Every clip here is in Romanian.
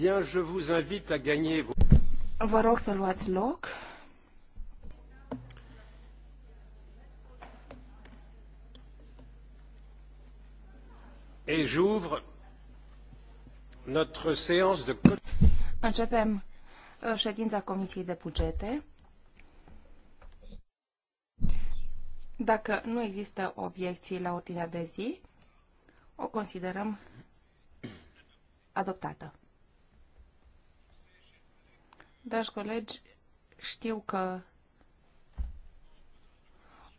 Bien, je vous invite à gagner vos... Vă rog să luați loc. Et j'ouvre notre séance de... Începem uh, ședința Comisiei de Bugete. Dacă nu există obiecții la ordinea de zi, o considerăm adoptată. Dragi colegi, știu că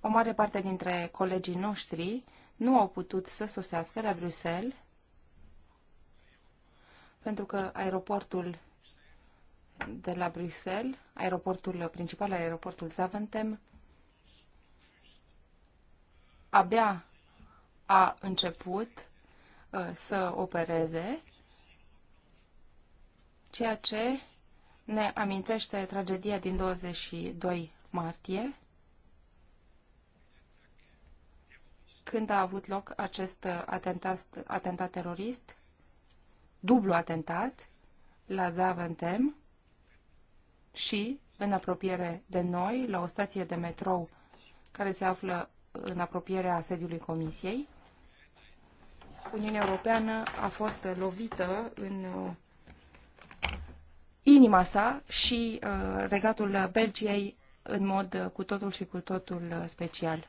o mare parte dintre colegii noștri nu au putut să sosească la Bruxelles pentru că aeroportul de la Bruxelles, aeroportul principal, aeroportul Zaventem, abia a început uh, să opereze, ceea ce ne amintește tragedia din 22 martie, când a avut loc acest atentat, atentat terorist, dublu atentat, la Zaventem și, în apropiere de noi, la o stație de metrou care se află în apropierea sediului Comisiei. Uniunea Europeană a fost lovită în inima sa și uh, regatul Belgiei în mod uh, cu totul și cu totul uh, special.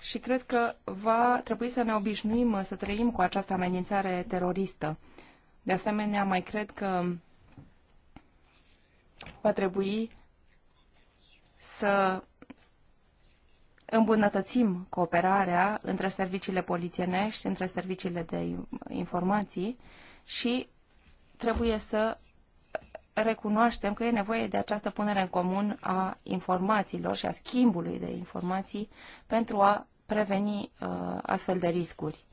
Și cred că va trebui să ne obișnuim să trăim cu această amenințare teroristă. De asemenea, mai cred că va trebui să îmbunătățim cooperarea între serviciile polițienești, între serviciile de informații și trebuie să recunoaștem că e nevoie de această punere în comun a informațiilor și a schimbului de informații pentru a preveni uh, astfel de riscuri.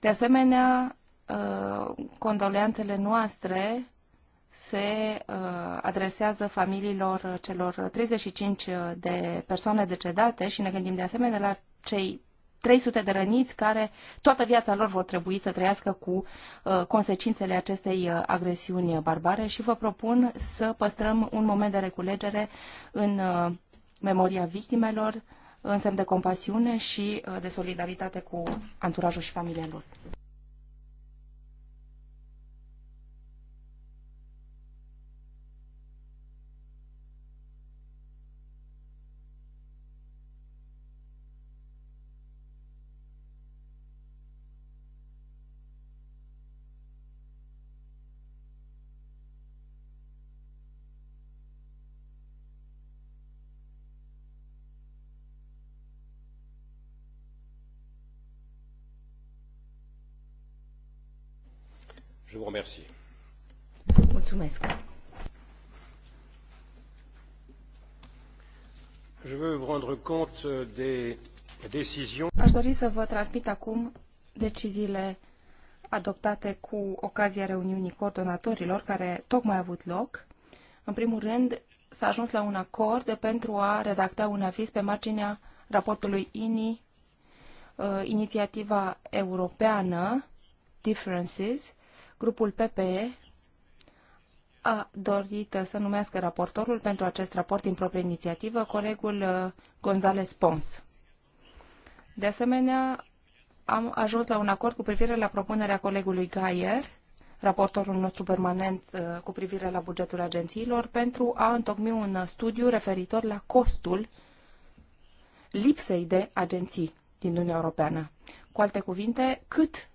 De asemenea, uh, condoleanțele noastre se uh, adresează familiilor celor 35 de persoane decedate și ne gândim de asemenea la cei 300 de răniți care toată viața lor vor trebui să trăiască cu uh, consecințele acestei uh, agresiuni barbare și vă propun să păstrăm un moment de reculegere în uh, memoria victimelor, în semn de compasiune și de solidaritate cu anturajul și familia lor. vous remercie. Mulțumesc. Je veux vous rendre compte des décisions. Aș dori să vă transmit acum deciziile adoptate cu ocazia reuniunii coordonatorilor care tocmai a avut loc. În primul rând, s-a ajuns la un acord pentru a redacta un aviz pe marginea raportului INI, uh, inițiativa europeană Differences, Grupul PPE a dorit să numească raportorul pentru acest raport din proprie inițiativă, colegul uh, González Pons. De asemenea, am ajuns la un acord cu privire la propunerea colegului Gaier, raportorul nostru permanent uh, cu privire la bugetul agențiilor, pentru a întocmi un studiu referitor la costul lipsei de agenții din Uniunea Europeană. Cu alte cuvinte, cât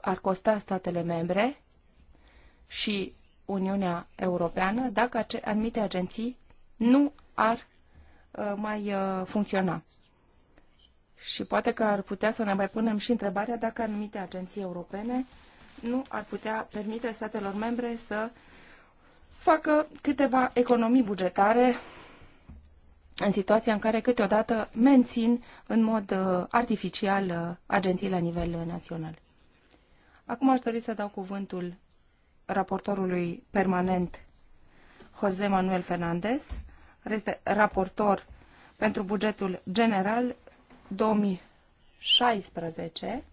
ar costa statele membre și Uniunea Europeană dacă anumite agenții nu ar uh, mai uh, funcționa. Și poate că ar putea să ne mai punem și întrebarea dacă anumite agenții europene nu ar putea permite statelor membre să facă câteva economii bugetare în situația în care câteodată mențin în mod uh, artificial agenții la nivel național. Acum aș dori să dau cuvântul raportorului permanent José Manuel Fernández, este raportor pentru bugetul general 2016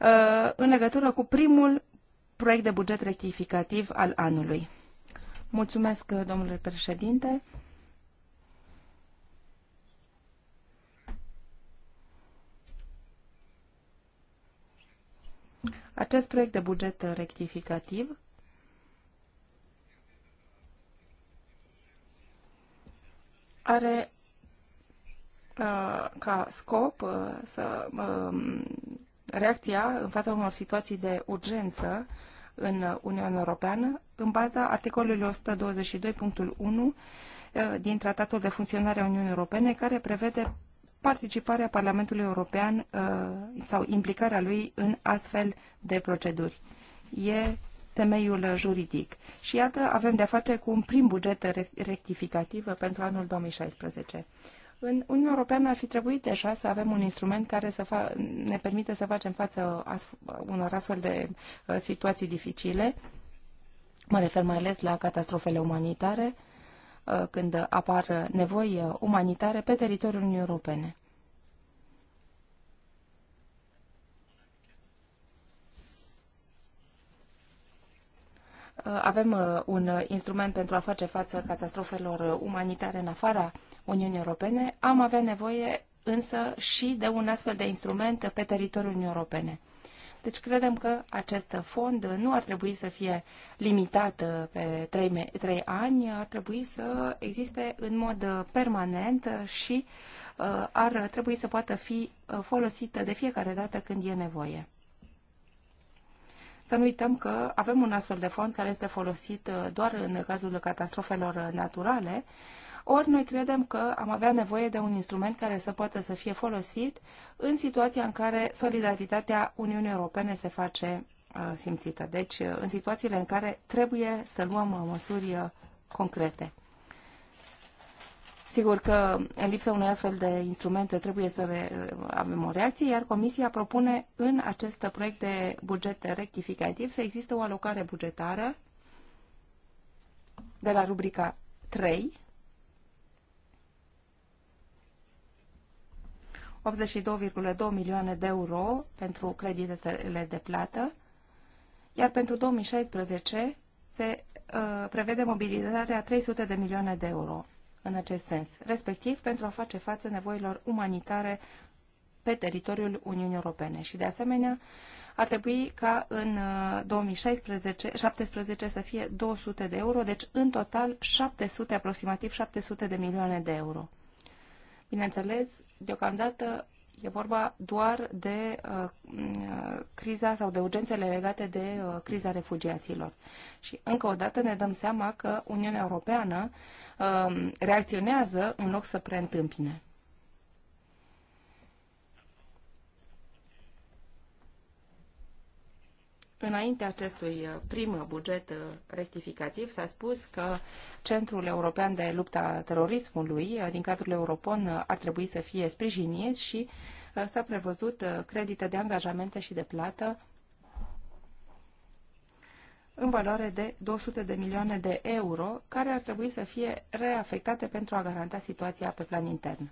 uh, în legătură cu primul proiect de buget rectificativ al anului. Mulțumesc, domnule președinte. Acest proiect de buget rectificativ are uh, ca scop uh, să uh, reacția în fața unor situații de urgență în Uniunea Europeană în baza articolului 122.1 uh, din Tratatul de Funcționare a Uniunii Europene, care prevede participarea Parlamentului European uh, sau implicarea lui în astfel de proceduri. E temeiul juridic. Și iată, avem de-a face cu un prim buget rectificativ pentru anul 2016. În Uniunea Europeană ar fi trebuit deja să avem un instrument care să ne permite să facem față unor astfel de uh, situații dificile. Mă refer mai ales la catastrofele umanitare, uh, Uh, când apar nevoi umanitare pe teritoriul Uniunii Europene. Uh, avem uh, un instrument pentru a face față catastrofelor umanitare în afara Uniunii Europene. Am avea nevoie însă și de un astfel de instrument pe teritoriul Uniunii Europene. Deci credem că acest fond nu ar trebui să fie limitat uh, pe 3, 3 ani, ar trebui să existe în mod uh, permanent și uh, ar trebui să poată fi folosită de fiecare dată când e nevoie. Să nu uităm că avem un astfel de fond care este folosit doar în cazul catastrofelor naturale, ori noi credem că am avea nevoie de un instrument care să poată să fie folosit în situația în care solidaritatea Uniunii Europene se face uh, simțită. Deci, uh, în situațiile în care trebuie să luăm uh, măsuri concrete. Sigur că în lipsa unui astfel de instrumente trebuie să avem o reacție, iar Comisia propune în acest proiect de buget rectificativ să existe o alocare bugetară de la rubrica 3 82,2 milioane de euro pentru creditele de plată, iar pentru 2016 se uh, prevede mobilizarea 300 de milioane de euro în acest sens, respectiv pentru a face față nevoilor umanitare pe teritoriul Uniunii Europene. Și de asemenea, ar trebui ca în 2016-2017 uh, să fie 200 de euro, deci în total 700, aproximativ 700 de milioane de euro. Bineînțeles, deocamdată e vorba doar de uh, mm, uh, criza sau de urgențele legate de uh, criza refugiaților. Și încă o dată ne dăm seama că Uniunea Europeană uh, reacționează în loc să preîntâmpine. Înainte acestui uh, prim buget uh, rectificativ s-a spus că Centrul European de Lupta Terorismului uh, din cadrul Europon ar trebui să fie sprijinit și s-a prevăzut credite de angajamente și de plată în valoare de 200 de milioane de euro, care ar trebui să fie reafectate pentru a garanta situația pe plan intern.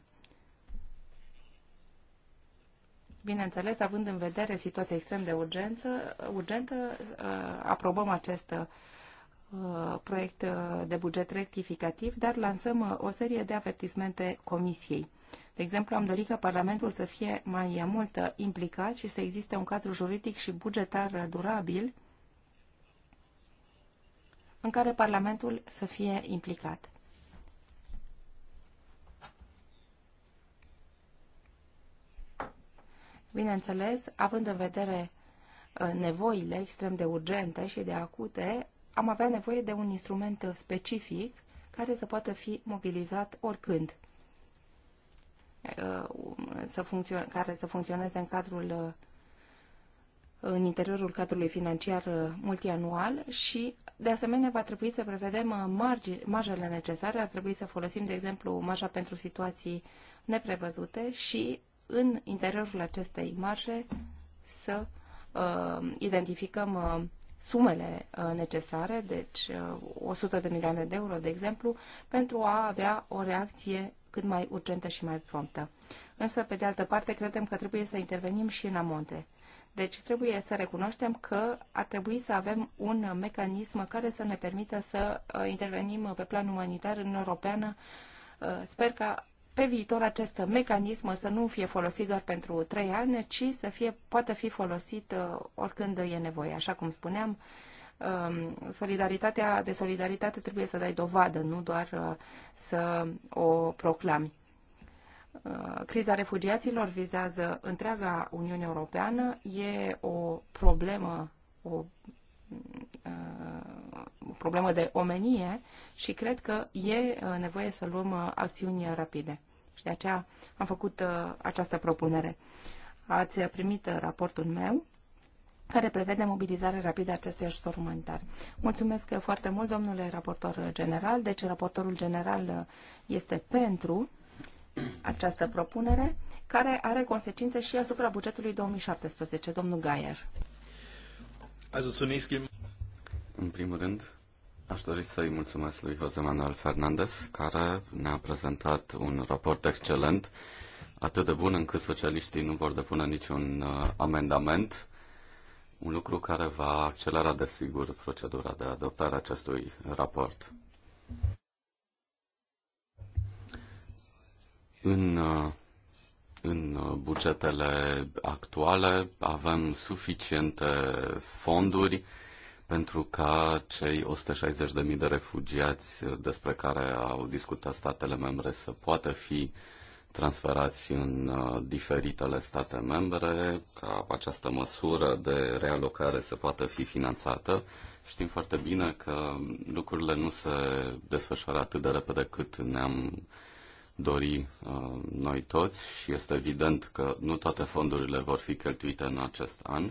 Bineînțeles, având în vedere situația extrem de urgență, urgentă, uh, aprobăm acest uh, proiect uh, de buget rectificativ, dar lansăm o serie de avertismente Comisiei. De exemplu, am dorit ca Parlamentul să fie mai mult implicat și să existe un cadru juridic și bugetar durabil în care Parlamentul să fie implicat. Bineînțeles, având în vedere uh, nevoile extrem de urgente și de acute, am avea nevoie de un instrument uh, specific care să poată fi mobilizat oricând, uh, um, să care să funcționeze în cadrul în interiorul cadrului financiar multianual și, de asemenea, va trebui să prevedem marjele necesare. Ar trebui să folosim, de exemplu, marja pentru situații neprevăzute și în interiorul acestei marje să uh, identificăm uh, sumele uh, necesare, deci uh, 100 de milioane de euro, de exemplu, pentru a avea o reacție cât mai urgentă și mai promptă. Însă, pe de altă parte, credem că trebuie să intervenim și în amonte. Deci trebuie să recunoaștem că ar trebui să avem un mecanism care să ne permită să uh, intervenim pe plan umanitar în Europeană. Uh, sper că pe viitor acest mecanism să nu fie folosit doar pentru trei ani, ci să fie, poată fi folosit uh, oricând e nevoie. Așa cum spuneam, um, solidaritatea, de solidaritate trebuie să dai dovadă, nu doar uh, să o proclami. Uh, criza refugiaților vizează întreaga Uniune Europeană, e o problemă, o Uh, o problemă de omenie și cred că e uh, nevoie să luăm uh, acțiuni rapide. Și de aceea am făcut această propunere. Ați primit raportul meu care prevede mobilizarea rapidă a acestui ajutor umanitar. Mulțumesc foarte mult, domnule raportor general. Deci, raportorul general este pentru această propunere, care are consecințe și asupra bugetului 2017. Domnul Gaier. În primul rând, aș dori să-i mulțumesc lui José Manuel Fernández, care ne-a prezentat un raport excelent, atât de bun încât socialiștii nu vor depune niciun uh, amendament, un lucru care va accelera, desigur, procedura de adoptare a acestui raport. În uh, în bugetele actuale avem suficiente fonduri pentru ca cei 160.000 de refugiați despre care au discutat statele membre să poată fi transferați în uh, diferitele state membre, ca această măsură de realocare să poată fi finanțată. Știm foarte bine că lucrurile nu se desfășoară atât de repede cât ne-am dori uh, noi toți și este evident că nu toate fondurile vor fi cheltuite în acest an.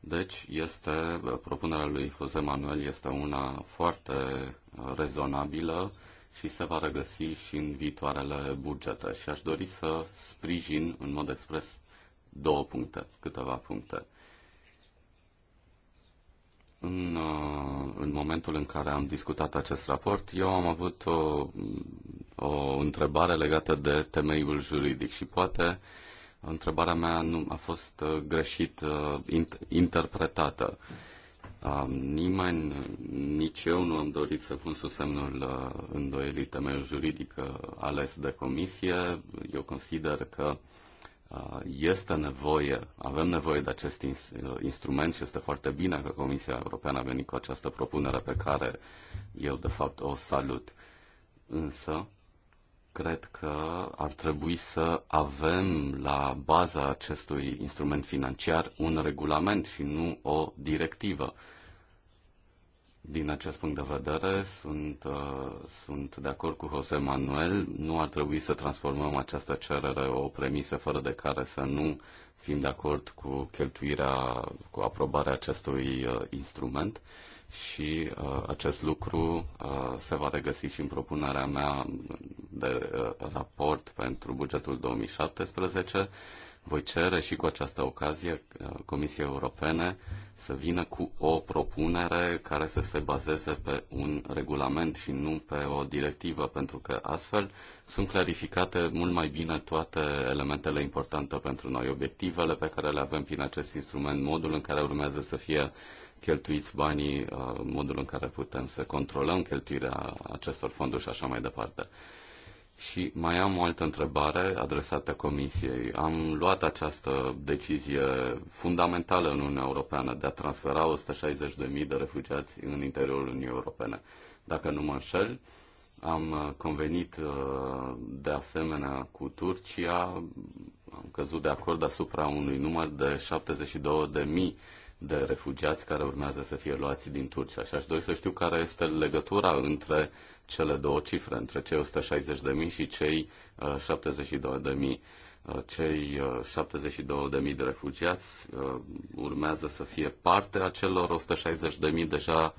Deci este, uh, propunerea lui Jose Manuel este una foarte uh, rezonabilă și se va regăsi și în viitoarele bugete. Și aș dori să sprijin în mod expres două puncte, câteva puncte. În, uh, în momentul în care am discutat acest raport, eu am avut o, uh, o întrebare legată de temeiul juridic și poate întrebarea mea nu a fost uh, greșit interpretată. Nimeni, nici eu nu am dorit să pun sub semnul îndoielii temeiul juridic ales de comisie. Eu consider că uh, este nevoie, avem nevoie de acest instrument și este foarte bine că Comisia Europeană a venit cu această propunere pe care eu, de fapt, o salut. Însă, cred că ar trebui să avem la baza acestui instrument financiar un regulament și nu o directivă. Din acest punct de vedere, sunt, uh, sunt de acord cu José Manuel. Nu ar trebui să transformăm această cerere o premisă fără de care să nu fim de acord cu cheltuirea, cu aprobarea acestui uh, instrument și uh, acest lucru uh, se va regăsi și în propunerea mea de uh, raport pentru bugetul 2017 voi cere și cu această ocazie uh, Comisiei Europene să vină cu o propunere care să se bazeze pe un regulament și nu pe o directivă, pentru că astfel sunt clarificate mult mai bine toate elementele importante pentru noi, obiectivele pe care le avem prin acest instrument, modul în care urmează să fie cheltuiți banii, uh, modul în care putem să controlăm cheltuirea acestor fonduri și așa mai departe. Și mai am o altă întrebare adresată Comisiei. Am luat această decizie fundamentală în Uniunea Europeană de a transfera 160.000 de refugiați în interiorul Uniunii Europene. Dacă nu mă înșel, am convenit uh, de asemenea cu Turcia, am căzut de acord asupra unui număr de 72.000 de refugiați care urmează să fie luați din Turcia. Și aș dori să știu care este legătura între uh, cele două cifre, între cei 160.000 și cei 72.000. Uh, uh, cei 72.000 uh, de refugiați urmează să fie parte a celor 160.000 deja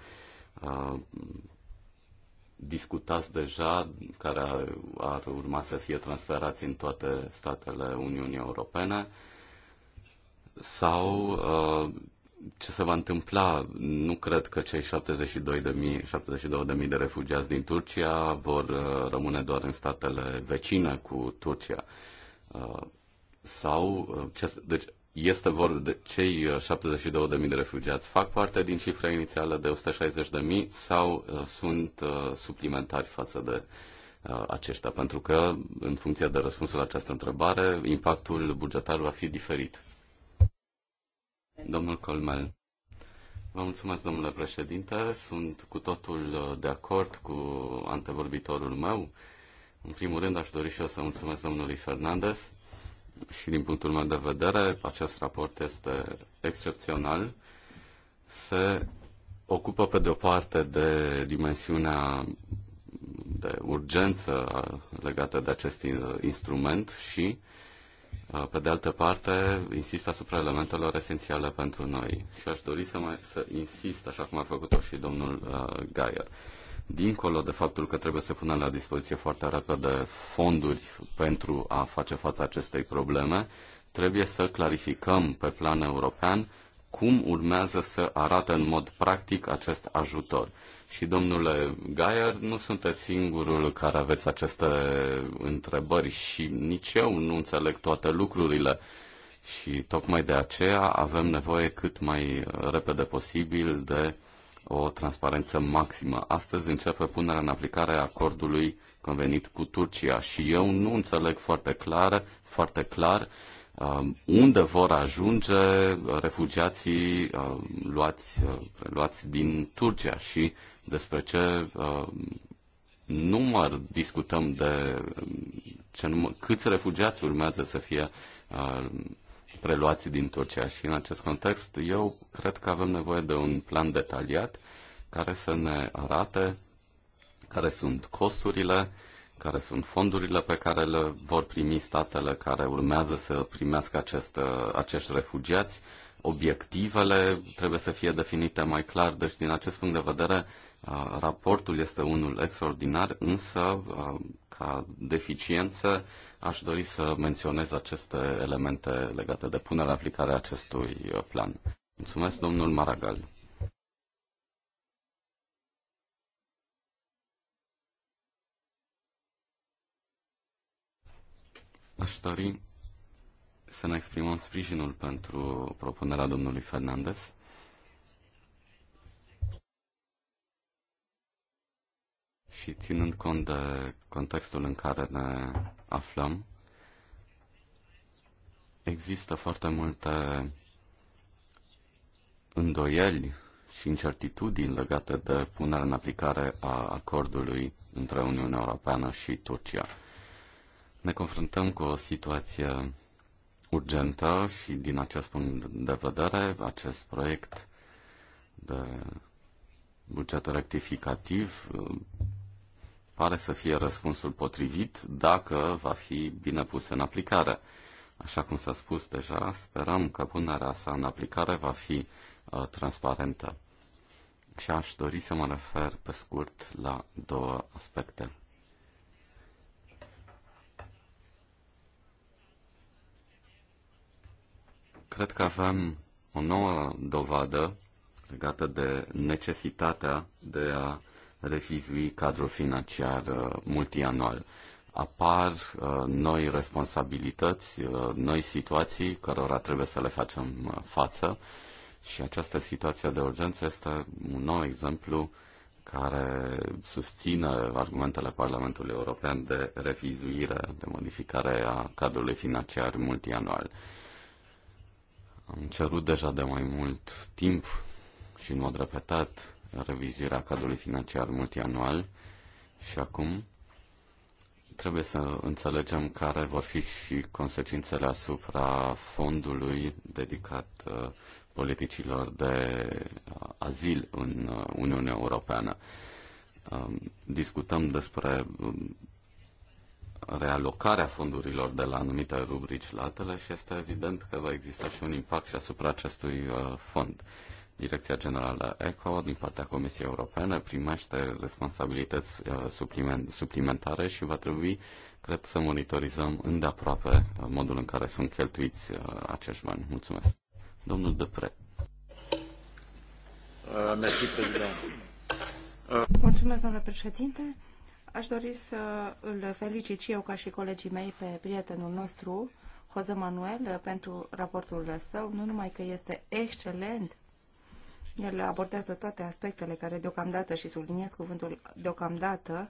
discutați deja, care ar urma să fie transferați în toate statele Uniunii Europene, sau ce se va întâmpla, nu cred că cei 72.000 72 de refugiați din Turcia vor uh, rămâne doar în statele vecine cu Turcia. Uh, sau, uh, ce, deci, este vor de cei 72.000 de refugiați fac parte din cifra inițială de 160.000 sau sunt suplimentari față de aceștia? Pentru că, în funcție de răspunsul la această întrebare, impactul bugetar va fi diferit. Domnul Colmel. Vă mulțumesc, domnule președinte. Sunt cu totul uh, de acord cu antevorbitorul meu. În primul rând, aș dori și eu să mulțumesc domnului Fernandez și din punctul meu de vedere, acest raport este excepțional. Se ocupă, pe de o parte, de dimensiunea de urgență legată de acest uh, instrument și uh, Uh, pe de altă parte, insist asupra elementelor esențiale pentru noi și aș dori să, mai, să insist, așa cum a făcut-o și domnul uh, Gaier. Dincolo de faptul că trebuie să punem la dispoziție foarte repede fonduri pentru a face față acestei probleme, trebuie să clarificăm pe plan european cum urmează să arate în mod practic acest ajutor. Și domnule Gaier, nu sunteți singurul care aveți aceste întrebări și nici eu nu înțeleg toate lucrurile. Și tocmai de aceea avem nevoie cât mai repede posibil de o transparență maximă. Astăzi începe punerea în aplicare a acordului convenit cu Turcia și eu nu înțeleg foarte clar, foarte clar Um, unde vor ajunge refugiații um, luați, uh, luați din Turcia și despre ce um, număr discutăm de ce număr, câți refugiați urmează să fie preluați din Turcia. Și în acest context, eu cred că avem nevoie de un plan detaliat care să ne arate care sunt costurile, care sunt fondurile pe care le vor primi statele care urmează să primească acest, acești refugiați. Obiectivele trebuie să fie definite mai clar, deci din acest punct de vedere uh, raportul este unul extraordinar, însă uh, ca deficiență aș dori să menționez aceste elemente legate de punerea aplicare a acestui uh, plan. Mulțumesc, domnul Maragal. Aș dori să ne exprimăm sprijinul pentru propunerea domnului Fernandez. Și ținând cont de contextul în care ne aflăm, există foarte multe îndoieli și incertitudini legate de punerea în aplicare a acordului între Uniunea Europeană și Turcia. Ne confruntăm cu o situație urgentă și din acest punct de vedere, acest proiect de buget rectificativ uh, pare să fie răspunsul potrivit dacă va fi bine pus în aplicare. Așa cum s-a spus deja, sperăm că punerea sa în aplicare va fi uh, transparentă. Și aș dori să mă refer pe scurt la două aspecte. Cred că avem o nouă dovadă legată de necesitatea de a revizui cadrul financiar uh, multianual. Apar uh, noi responsabilități, uh, noi situații cărora trebuie să le facem față și această situație de urgență este un nou exemplu care susține argumentele Parlamentului European de revizuire, de modificare a cadrului financiar multianual. Am cerut deja de mai mult timp și în mod repetat revizuirea cadrului financiar multianual și acum trebuie să înțelegem care vor fi și consecințele asupra fondului dedicat uh, politicilor de uh, azil în uh, Uniunea Europeană. Um, discutăm despre um, realocarea fondurilor de la anumite rubrici la altele și este evident că va exista și un impact și asupra acestui uh, fond. Direcția Generală ECO din partea Comisiei Europene primește responsabilități uh, suplimentare și va trebui, cred, să monitorizăm îndeaproape uh, modul în care sunt cheltuiți acești bani. Mulțumesc. Domnul Depre. Uh, merci, Mulțumesc, domnule președinte. Aș dori să îl felicit și eu ca și colegii mei pe prietenul nostru, Jose Manuel, pentru raportul său. Nu numai că este excelent, el abordează toate aspectele care deocamdată, și subliniez cuvântul deocamdată,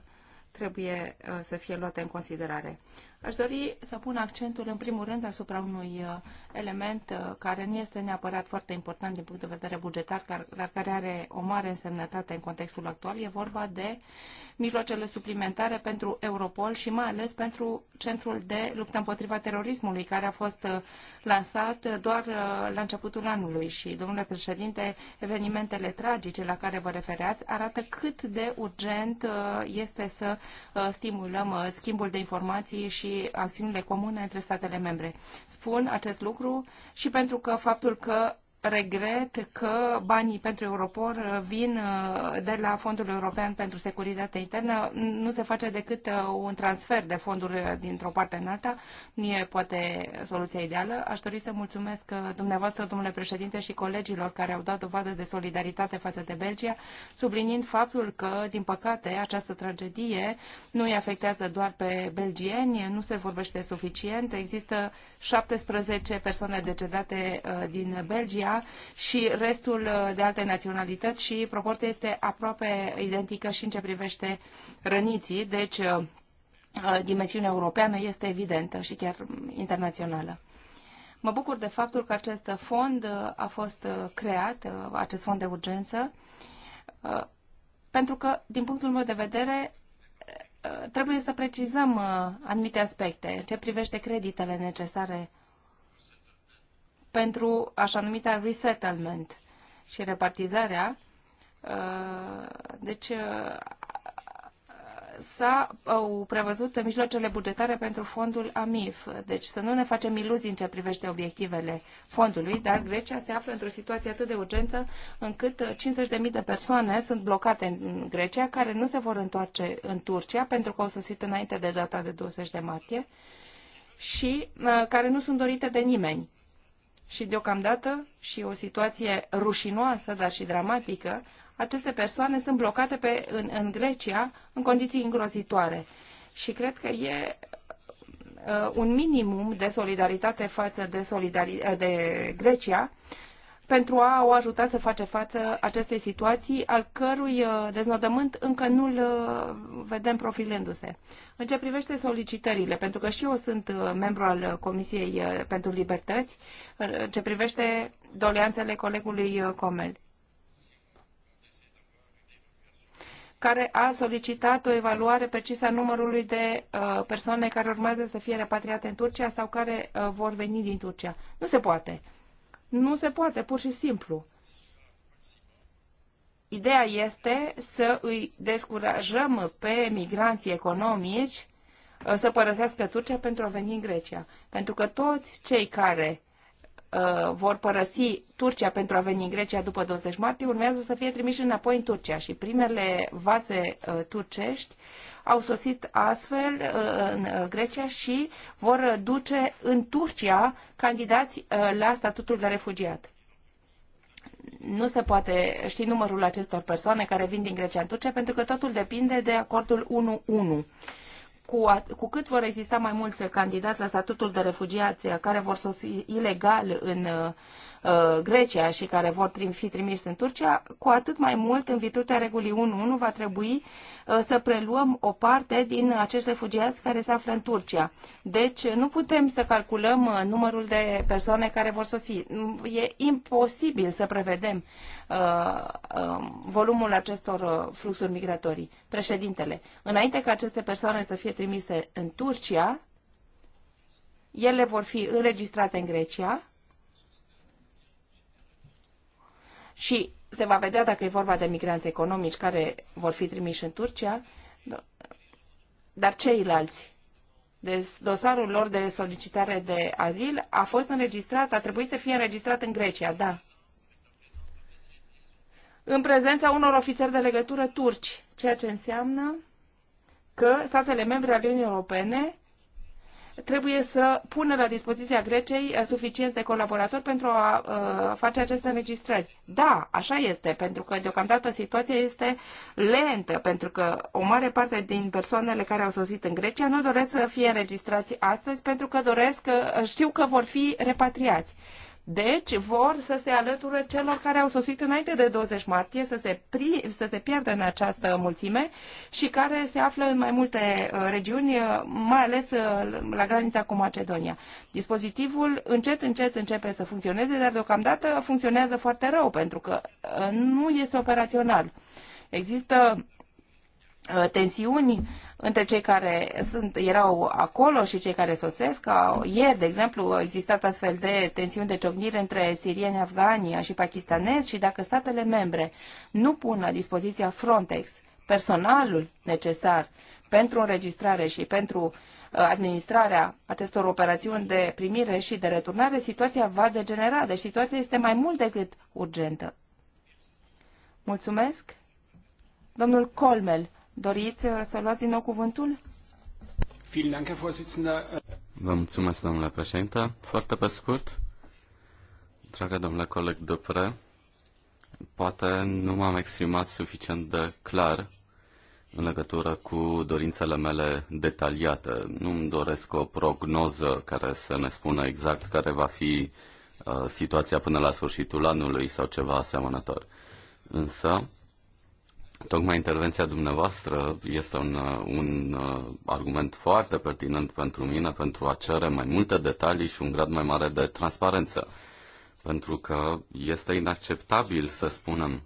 trebuie uh, să fie luate în considerare. Aș dori să pun accentul în primul rând asupra unui uh, element uh, care nu este neapărat foarte important din punct de vedere bugetar, dar care are o mare însemnătate în contextul actual. E vorba de mijloacele suplimentare pentru Europol și mai ales pentru Centrul de Luptă împotriva terorismului, care a fost lansat doar la începutul anului. Și, domnule președinte, evenimentele tragice la care vă refereați arată cât de urgent este să Uh, stimulăm uh, schimbul de informații și acțiunile comune între statele membre. Spun acest lucru și pentru că faptul că regret că banii pentru Europol vin uh, de la Fondul European pentru Securitate Internă. Nu se face decât uh, un transfer de fonduri uh, dintr-o parte în alta. Nu e poate soluția ideală. Aș dori să mulțumesc dumneavoastră, domnule președinte, și colegilor care au dat dovadă de solidaritate față de Belgia, subliniind faptul că, din păcate, această tragedie nu îi afectează doar pe belgieni, nu se vorbește suficient. Există 17 persoane decedate din Belgia și restul uh, de alte naționalități și proporția este aproape identică și în ce privește răniții, deci uh, uh, dimensiunea europeană este evidentă și chiar internațională. Mă bucur de faptul că acest fond a fost creat, acest fond de urgență, pentru că, din punctul meu de vedere, trebuie să precizăm anumite aspecte ce privește creditele necesare pentru așa numita resettlement și repartizarea. Uh, deci uh, s-au prevăzut mijloacele bugetare pentru fondul AMIF. Deci să nu ne facem iluzii în ce privește obiectivele fondului, dar Grecia se află într-o situație atât de urgentă încât 50.000 de persoane sunt blocate în Grecia, care nu se vor întoarce în Turcia pentru că au sosit înainte de data de 20 de martie și uh, care nu sunt dorite de nimeni și deocamdată și o situație rușinoasă, dar și dramatică, aceste persoane sunt blocate pe, în, în Grecia în condiții îngrozitoare. Și cred că e uh, un minimum de solidaritate față de, solidari- de Grecia pentru a o ajuta să face față acestei situații, al cărui uh, deznodământ încă nu-l uh, vedem profilându-se. În ce privește solicitările, pentru că și eu sunt uh, membru al Comisiei pentru Libertăți, în ce privește doleanțele colegului Comel, care a solicitat o evaluare precisă a numărului de persoane care urmează să fie repatriate în Turcia sau care vor veni din Turcia. Nu se poate. Nu se poate, pur și simplu. Ideea este să îi descurajăm pe migranții economici uh, să părăsească Turcia pentru a veni în Grecia. Pentru că toți cei care Uh, vor părăsi Turcia pentru a veni în Grecia după 20 martie urmează să fie trimiși înapoi în Turcia și primele vase uh, turcești au sosit astfel uh, în uh, Grecia și vor duce în Turcia candidați uh, la statutul de refugiat nu se poate ști numărul acestor persoane care vin din Grecia în Turcia, pentru că totul depinde de acordul 1-1 cu, cu cât vor exista mai mulți candidați la statutul de refugiați care vor sosi ilegal în Uh, Grecia și care vor fi trimiși în Turcia, cu atât mai mult, în virtutea regulii 1.1, va trebui uh, să preluăm o parte din acești refugiați care se află în Turcia. Deci nu putem să calculăm uh, numărul de persoane care vor sosi. E imposibil să prevedem um, volumul acestor fluxuri migratorii. Președintele, înainte ca aceste persoane să fie trimise în Turcia, ele vor fi înregistrate în Grecia, și se va vedea dacă e vorba de migranți economici care vor fi trimiși în Turcia, dar ceilalți. Deci dosarul lor de solicitare de azil a fost înregistrat, a trebuit să fie înregistrat în Grecia, da. În prezența unor ofițeri de legătură turci, ceea ce înseamnă că statele membre ale Uniunii Europene trebuie să pună la dispoziția Greciei uh, suficient de colaboratori pentru a uh, face aceste înregistrări. Da, așa este, pentru că deocamdată situația este lentă, pentru că o mare parte din persoanele care au sosit în Grecia nu doresc să fie înregistrați astăzi pentru că doresc, uh, știu că vor fi repatriați. Deci vor să se alăture celor care au sosit înainte de 20 martie, să se, pri, să se pierdă în această mulțime și care se află în mai multe uh, regiuni, uh, mai ales uh, la granița cu Macedonia. Dispozitivul încet, încet începe să funcționeze, dar deocamdată funcționează foarte rău pentru că nu este operațional. Există tensiuni între cei care sunt, erau acolo și cei care sosesc. Ieri, de exemplu, au existat astfel de tensiuni de ciocnire între sirieni, afgani și pakistanezi și dacă statele membre nu pun la dispoziția Frontex personalul necesar pentru înregistrare și pentru administrarea acestor operațiuni de primire și de returnare, situația va degenera. Deci situația este mai mult decât urgentă. Mulțumesc. Domnul Colmel Doriți uh, să luați din nou cuvântul? Vă mulțumesc, domnule președinte. Foarte pe scurt, dragă domnule coleg Dupre, poate nu m-am exprimat suficient de clar în legătură cu dorințele mele detaliate. Nu îmi doresc o prognoză care să ne spună exact care va fi uh, situația până la sfârșitul anului sau ceva asemănător. Însă, Tocmai intervenția dumneavoastră este un, uh, un uh, argument foarte pertinent pentru mine pentru a cere mai multe detalii și un grad mai mare de transparență. Pentru că este inacceptabil să spunem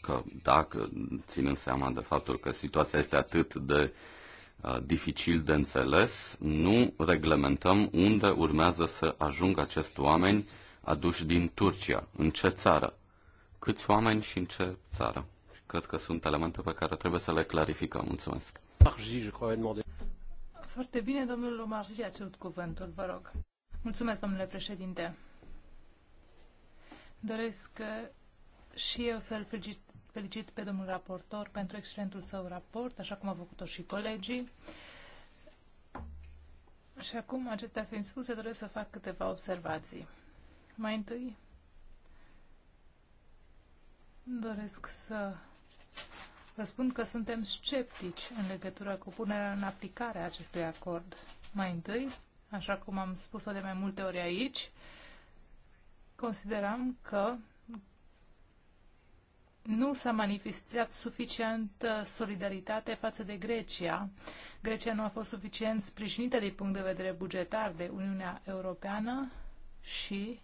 că dacă ținând seama de faptul că situația este atât de uh, dificil de înțeles, nu reglementăm unde urmează să ajungă acest oameni aduși din Turcia, în ce țară, câți oameni și în ce țară cred că sunt elemente pe care trebuie să le clarificăm. Mulțumesc. Foarte bine, domnul Lomarzi a cerut cuvântul, vă rog. Mulțumesc, domnule președinte. Doresc uh, și eu să-l felicit, felicit pe domnul raportor pentru excelentul său raport, așa cum au făcut-o și colegii. Și acum, acestea fiind spuse, doresc să fac câteva observații. Mai întâi, doresc să Vă spun că suntem sceptici în legătură cu punerea în aplicare a acestui acord. Mai întâi, așa cum am spus-o de mai multe ori aici, considerăm că nu s-a manifestat suficientă solidaritate față de Grecia. Grecia nu a fost suficient sprijinită din punct de vedere bugetar de Uniunea Europeană și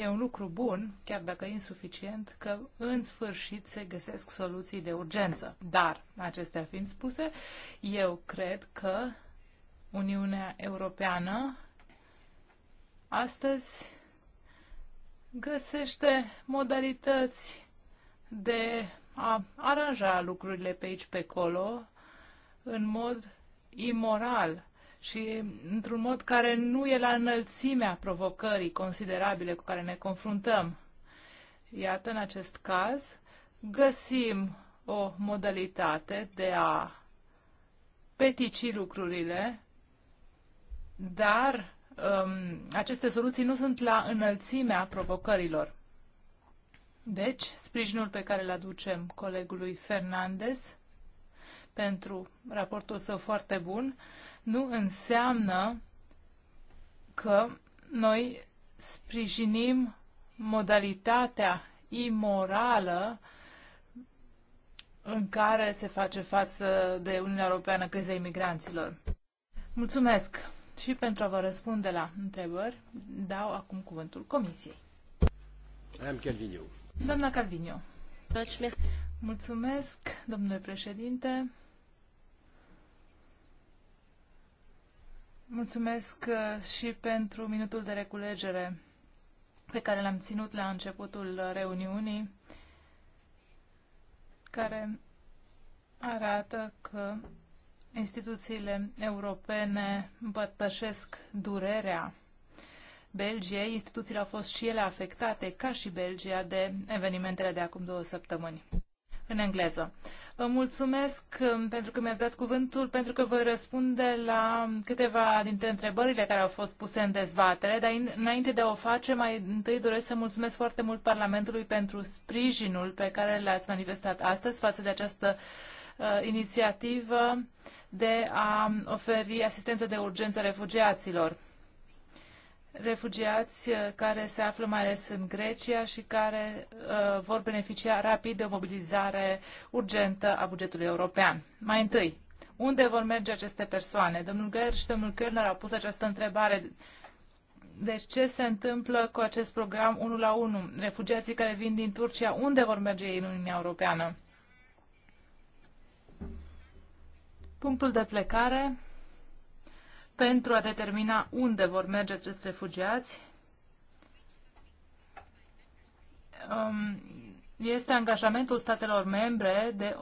E un lucru bun, chiar dacă insuficient, că în sfârșit se găsesc soluții de urgență. Dar, acestea fiind spuse, eu cred că Uniunea Europeană astăzi găsește modalități de a aranja lucrurile pe aici, pe acolo, în mod imoral și într-un mod care nu e la înălțimea provocării considerabile cu care ne confruntăm. Iată, în acest caz, găsim o modalitate de a petici lucrurile, dar um, aceste soluții nu sunt la înălțimea provocărilor. Deci, sprijinul pe care îl aducem colegului Fernandez pentru raportul său foarte bun nu înseamnă că noi sprijinim modalitatea imorală în care se face față de Uniunea Europeană criza imigranților. Mulțumesc! Și pentru a vă răspunde la întrebări, dau acum cuvântul Comisiei. Calvinio. Doamna Calvinio. Mulțumesc, domnule președinte. Mulțumesc uh, și pentru minutul de reculegere pe care l-am ținut la începutul reuniunii, care arată că instituțiile europene împărtășesc durerea Belgiei. Instituțiile au fost și ele afectate, ca și Belgia, de evenimentele de acum două săptămâni în engleză. Vă mulțumesc um, pentru că mi-ați dat cuvântul, pentru că voi răspunde la câteva dintre întrebările care au fost puse în dezbatere, dar înainte de a o face, mai întâi doresc să mulțumesc foarte mult Parlamentului pentru sprijinul pe care l-ați manifestat astăzi față de această uh, inițiativă de a oferi asistență de urgență refugiaților refugiați uh, care se află mai ales în Grecia și care uh, vor beneficia rapid de o mobilizare urgentă a bugetului european. Mai întâi, unde vor merge aceste persoane? Domnul Găr și domnul Kellner au pus această întrebare. Deci ce se întâmplă cu acest program 1 la 1? Refugiații care vin din Turcia, unde vor merge ei în Uniunea Europeană? Punctul de plecare pentru a determina unde vor merge acești refugiați. Um, este angajamentul statelor membre de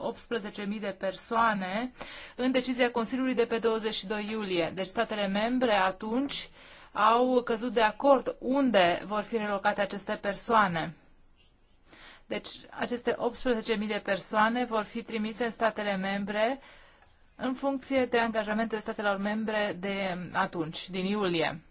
18.000 de persoane în decizia Consiliului de pe 22 iulie. Deci statele membre atunci au căzut de acord unde vor fi relocate aceste persoane. Deci aceste 18.000 de persoane vor fi trimise în statele membre în funcție de angajamentele statelor membre de atunci, din iulie.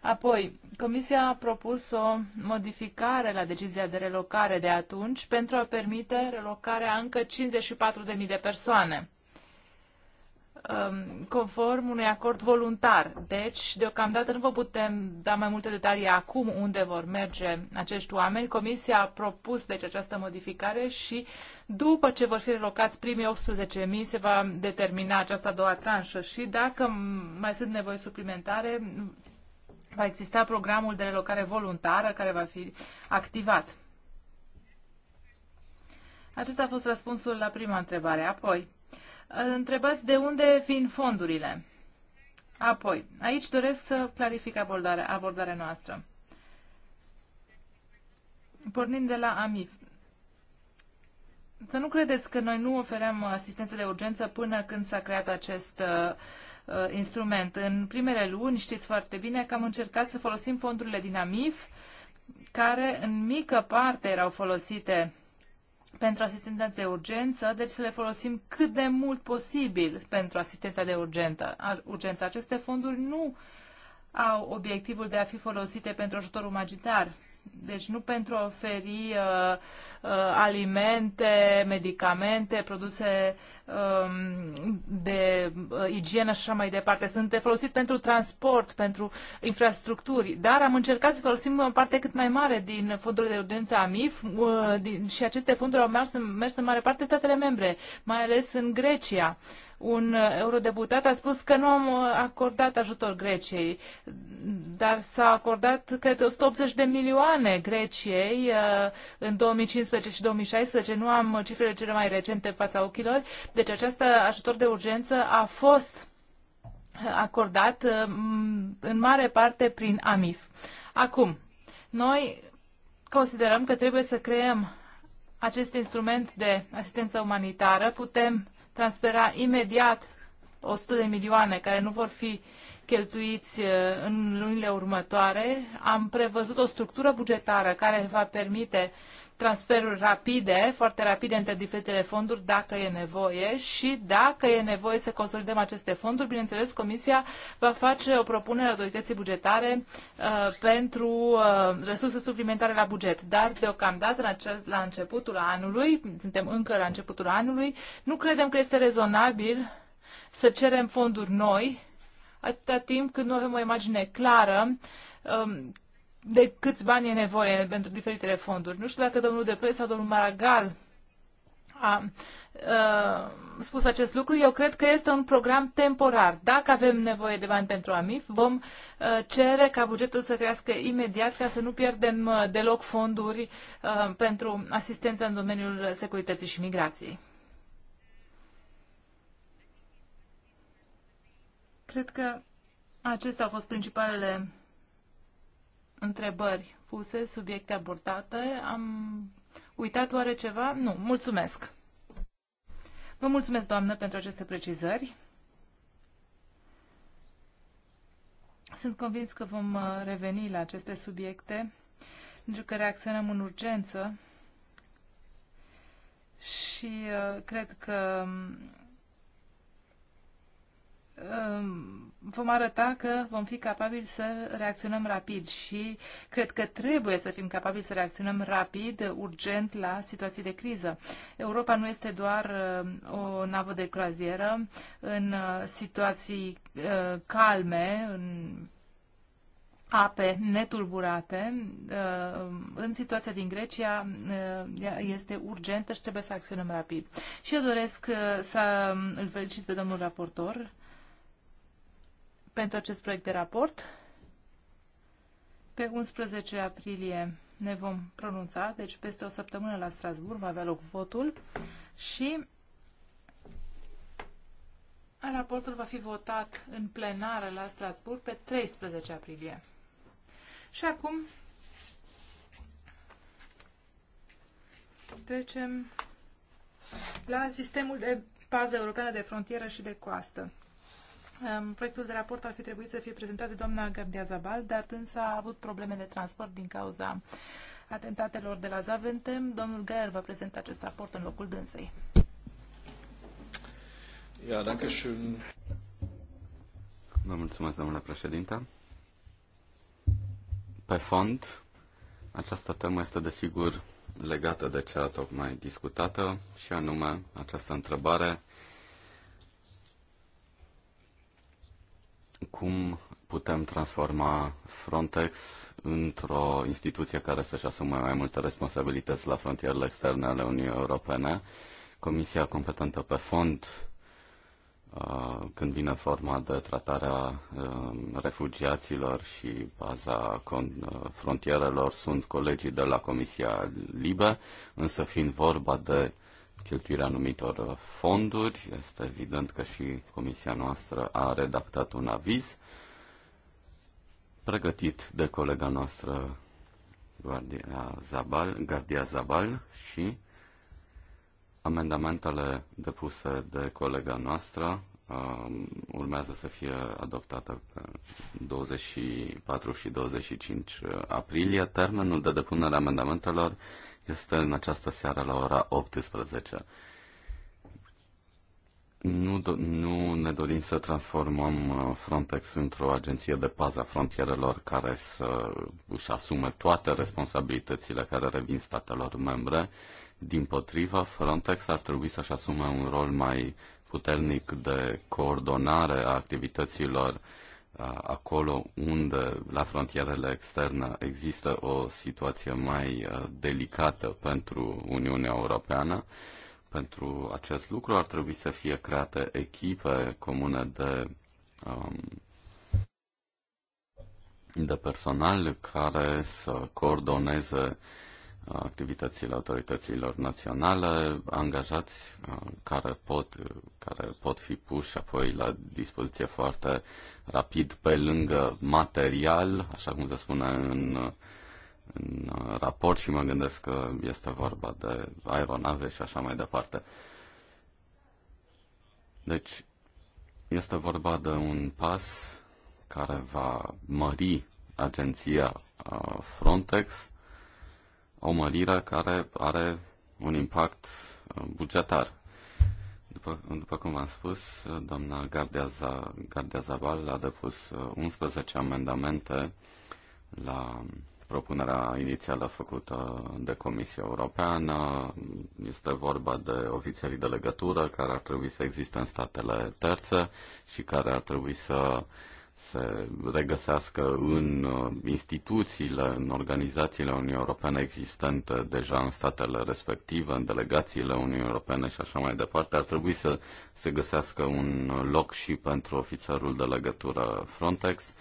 Apoi, Comisia a propus o modificare la decizia de relocare de atunci pentru a permite relocarea încă 54.000 de persoane, um, conform unui acord voluntar. Deci, deocamdată nu vă putem da mai multe detalii acum unde vor merge acești oameni. Comisia a propus, deci, această modificare și după ce vor fi relocați primii 18.000, se va determina această a doua tranșă și dacă mai sunt nevoi suplimentare, va exista programul de relocare voluntară care va fi activat. Acesta a fost răspunsul la prima întrebare. Apoi, întrebați de unde vin fondurile. Apoi, aici doresc să clarific abordarea, abordarea noastră. Pornind de la AMIF, să nu credeți că noi nu ofeream asistență de urgență până când s-a creat acest uh, uh instrument. În primele luni știți foarte bine că am încercat să folosim fondurile din AMIF, care în mică parte erau folosite pentru asistența de urgență, deci să le folosim cât de mult posibil pentru asistența de urgență. urgență. Aceste fonduri nu au obiectivul de a fi folosite pentru ajutor umanitar, deci nu pentru a oferi uh, uh, alimente, medicamente, produse um, de uh, igienă și așa mai departe. Sunt folosit pentru transport, pentru infrastructuri, dar am încercat să folosim o parte cât mai mare din fondurile de urgență AMIF uh, din, și aceste fonduri au mers, mers în mare parte statele membre, mai ales în Grecia. Uh, un uh, eurodeputat a spus că nu am uh, acordat ajutor Greciei, dar s-a acordat, cred, 180 de milioane Greciei uh, în 2015 și 2016. Nu am cifrele cele mai recente în fața ochilor. Deci acest ajutor de urgență a fost acordat în mare parte prin AMIF. Acum, noi considerăm că trebuie să creăm acest instrument de asistență umanitară. Putem transfera imediat 100 de milioane care nu vor fi cheltuiți uh, în lunile următoare. Am prevăzut o structură bugetară care va permite uh, transferuri rapide, foarte rapide între diferitele fonduri dacă e nevoie și dacă e nevoie să consolidăm aceste fonduri, bineînțeles Comisia va face o propunere autorității bugetare uh, pentru uh, resurse suplimentare la buget. Dar deocamdată în acest, la începutul anului, suntem încă la începutul anului, nu credem că este rezonabil să cerem fonduri noi atâta timp când nu avem o imagine clară um, de câți bani e nevoie pentru diferitele fonduri. Nu știu dacă domnul Depre sau domnul Maragal a, uh, spus acest lucru. Eu cred că este un program temporar. Dacă avem nevoie de bani pentru AMIF, vom uh, cere ca bugetul să crească imediat ca să nu pierdem a, uh, deloc fonduri pentru asistență în domeniul securității și migrației. Cred că acestea au fost principalele întrebări puse, subiecte abordate. Am uitat oare ceva? Nu, mulțumesc. Vă mulțumesc, doamnă, pentru aceste precizări. Sunt convins că vom uh, reveni la aceste subiecte, pentru că reacționăm în urgență și uh, cred că um, Ehm, vom arăta că vom fi capabili să reacționăm rapid și cred că trebuie să fim capabili să reacționăm rapid, urgent, la situații de criză. Europa nu este doar ehm, o navă de croazieră în ehm, situații calme, în ape netulburate. În situația din Grecia este urgentă și trebuie să acționăm rapid. Și eu doresc să îl felicit pe domnul raportor pentru acest proiect de raport. Pe 11 aprilie ne vom pronunța, deci peste o săptămână la Strasburg va avea loc votul și raportul va fi votat în plenară la Strasburg pe 13 aprilie. Și acum trecem la sistemul de pază europeană de frontieră și de coastă. Ehm, proiectul de raport ar fi trebuit să fie prezentat de doamna Gardia Zabal, dar dânsa a avut probleme de transport din cauza atentatelor de la Zaventem. Domnul Gaier va prezenta acest raport în locul dânsei. Ja, danke schön. Vă mulțumesc, domnule președinte. Pe fond, această temă este desigur legată de cea tocmai discutată și anume această întrebare Cum putem transforma Frontex într-o instituție care să-și asume mai multe responsabilități la frontierele externe ale Uniunii Europene? Comisia competentă pe fond uh, când vine forma de tratarea uh, refugiaților și baza uh, frontierelor sunt colegii de la Comisia Libe, însă fiind vorba de cheltuirea anumitor uh, fonduri. Este evident că și comisia noastră a redactat un aviz pregătit de colega noastră Guardia Zabal, Gardia Zabal și amendamentele depuse de colega noastră Um, urmează să fie adoptată pe 24 și 25 uh, aprilie. Termenul de depunere a amendamentelor este în această seară la ora 18. Nu, nu ne dorim să transformăm uh, Frontex într-o agenție de pază a frontierelor care să își asume toate responsabilitățile care revin statelor membre. Din potrivă, Frontex ar trebui să-și asume un rol mai puternic de coordonare a activităților acolo unde la frontierele externe există o situație mai delicată pentru Uniunea Europeană. Pentru acest lucru ar trebui să fie create echipe comune de, um, de personal care să coordoneze activitățile autorităților naționale, angajați care pot, care pot fi puși apoi la dispoziție foarte rapid pe lângă material, așa cum se spune în, în raport și mă gândesc că este vorba de aeronave și așa mai departe. Deci, este vorba de un pas care va mări agenția Frontex o mărire care are un impact uh, bugetar. După, după cum v-am spus, uh, doamna Gardeaza, Gardeazabal a depus 11 uh, amendamente la propunerea inițială făcută de Comisia Europeană. Este vorba de ofițerii de legătură care ar trebui să existe în statele terțe și care ar trebui să uh, se regăsească în uh, instituțiile, în organizațiile Uniunii Europene existente deja în statele respective, în delegațiile Uniunii Europene și așa mai departe, ar trebui să se găsească un loc și pentru ofițerul de legătură Frontex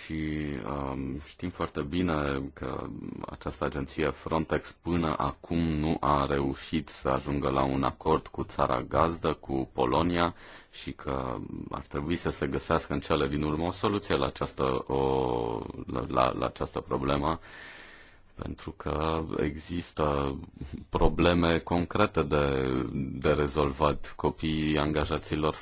și um, știm foarte bine că această agenție Frontex până acum nu a reușit să ajungă la un acord cu țara gazdă, cu Polonia și că ar trebui să se găsească în cele din urmă o soluție la această, o, la, la, această problemă. Uh, pentru că există probleme concrete de, de rezolvat. Copiii angajaților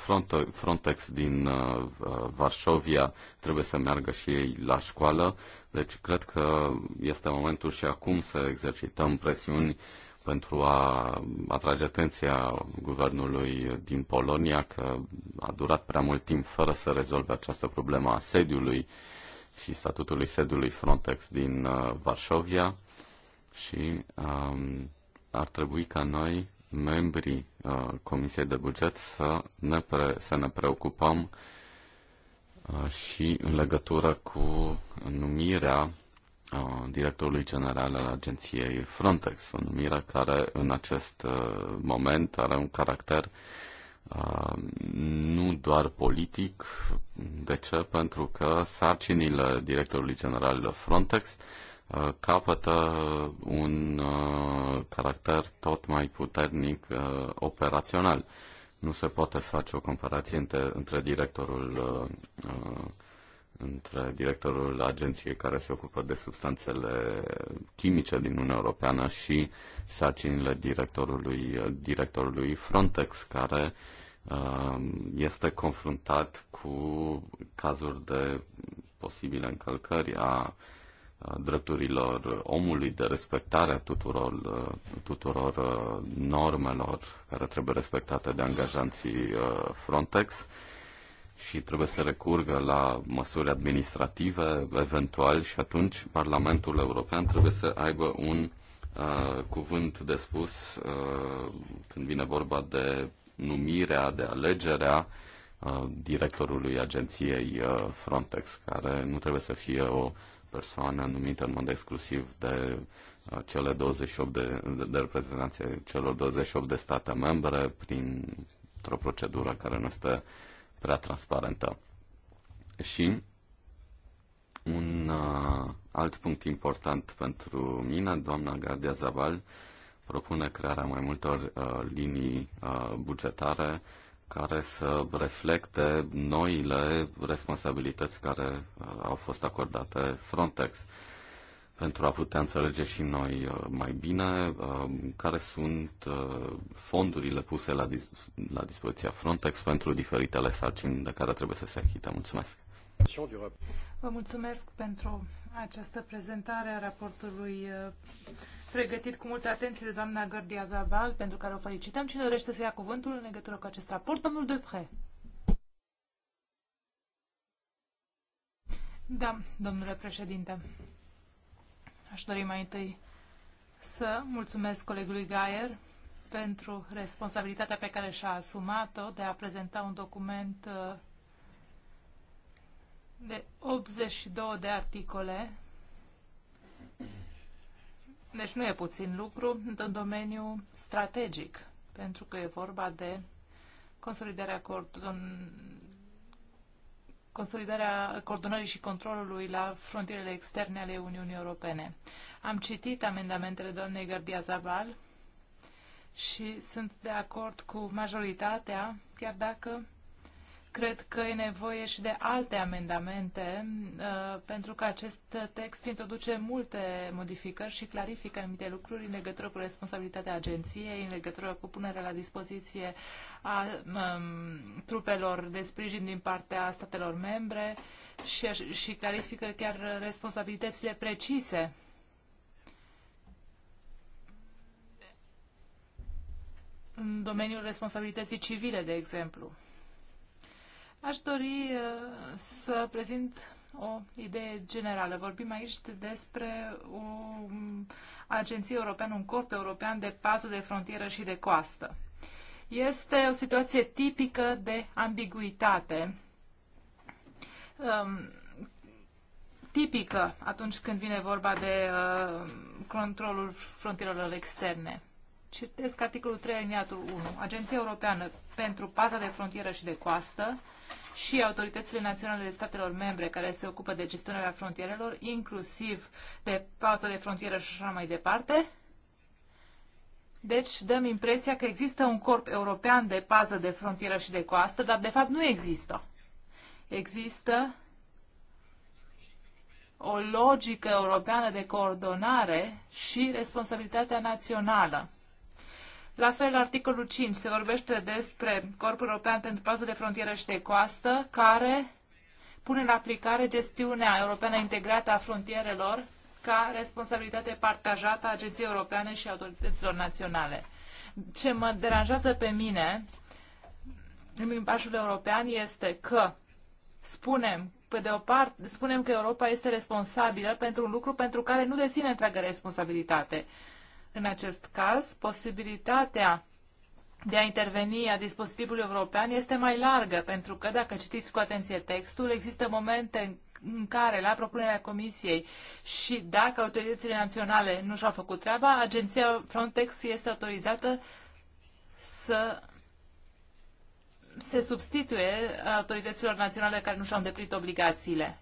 Frontex din uh, uh, Varșovia trebuie să meargă și ei la școală, deci cred că este momentul și acum să exercităm presiuni pentru a atrage atenția guvernului din Polonia că a durat prea mult timp fără să rezolve această problemă a sediului uh, și statutului sediului Frontex din uh, Varșovia și um, ar trebui ca noi, membrii uh, Comisiei de Buget, să ne, pre- să ne preocupăm uh, și în legătură cu numirea uh, directorului general al agenției Frontex, o numire care în acest uh, moment are un caracter uh, nu doar politic. De ce? Pentru că sarcinile directorului general Frontex uh, capătă un uh, caracter tot mai puternic uh, operațional. Nu se poate face o comparație între, între directorul între directorul agenției care se ocupă de substanțele chimice din Uniunea Europeană și sarcinile directorului, directorului Frontex, care uh, este confruntat cu cazuri de posibile încălcări a drepturilor omului, de respectarea tuturor, uh, tuturor uh, normelor care trebuie respectate de angajanții Frontex și trebuie să recurgă la măsuri administrative eventual și atunci Parlamentul European trebuie să aibă un uh, cuvânt de spus uh, când vine vorba de numirea, de alegerea uh, directorului agenției uh, Frontex, care nu trebuie să fie o persoană numită în mod exclusiv de uh, cele 28 de, de, de reprezentanțe celor 28 de state membre prin o procedură care nu este uh, prea transparentă. Și un uh, alt punct important pentru mine, doamna Gardia Zaval propune crearea mai multor uh, linii uh, bugetare care să reflecte noile responsabilități care uh, au fost acordate Frontex. Uh, pentru a putea înțelege și noi uh, mai bine uh, care sunt uh, fondurile puse la, dis- la dispoziția Frontex pentru diferitele sarcini de care trebuie să se achite. Mulțumesc! Vă mulțumesc pentru această prezentare a raportului pregătit cu multă atenție de doamna Gărdia Zabal, pentru care o felicităm. Cine dorește să ia cuvântul în legătură cu acest raport? Domnul Dupre. Da, domnule președinte. Aș dori mai întâi să mulțumesc colegului Gaier pentru responsabilitatea pe care și-a asumat-o de a prezenta un document uh, de 82 de articole. Deci nu e puțin lucru într-un domeniu strategic, pentru că e vorba de consolidarea consolidarea coordonării și controlului la frontierele externe ale Uniunii Europene. Am citit amendamentele doamnei Gărbia Zaval și sunt de acord cu majoritatea, chiar dacă Cred că e nevoie și de alte amendamente, uh, pentru că acest text introduce multe modificări și clarifică anumite lucruri în legătură cu responsabilitatea agenției, în legătură cu punerea la dispoziție a um, trupelor de sprijin din partea statelor membre și, și clarifică chiar responsabilitățile precise în domeniul responsabilității civile, de exemplu. Aș dori uh, să prezint o idee generală. Vorbim aici despre o um, agenție europeană, un corp european de pază de frontieră și de coastă. Este o situație tipică de ambiguitate. Um, tipică atunci când vine vorba de uh, controlul frontierelor externe. Citesc articolul 3, aliniatul 1. Agenția Europeană pentru Paza de Frontieră și de Coastă și autoritățile naționale de statelor membre care se ocupă de gestionarea frontierelor, inclusiv de pauza de frontieră și așa mai departe. Deci dăm impresia că există un corp european de pază de frontieră și de coastă, dar de fapt nu există. Există o logică europeană de coordonare și responsabilitatea națională. La fel, articolul 5 se vorbește despre Corpul European pentru Pază de Frontieră și de Coastă, care pune în aplicare gestiunea europeană integrată a frontierelor ca responsabilitate partajată a agenției europene și autorităților naționale. Ce mă deranjează pe mine în limbajul european este că spunem pe de o parte, spunem că Europa este responsabilă pentru un lucru pentru care nu deține întreagă responsabilitate. În acest caz, posibilitatea de a interveni a dispozitivului european este mai largă, pentru că, dacă citiți cu atenție textul, există momente în care, la propunerea Comisiei și dacă autoritățile naționale nu și-au făcut treaba, agenția Frontex este autorizată să se substituie autorităților naționale care nu și-au îndeplinit obligațiile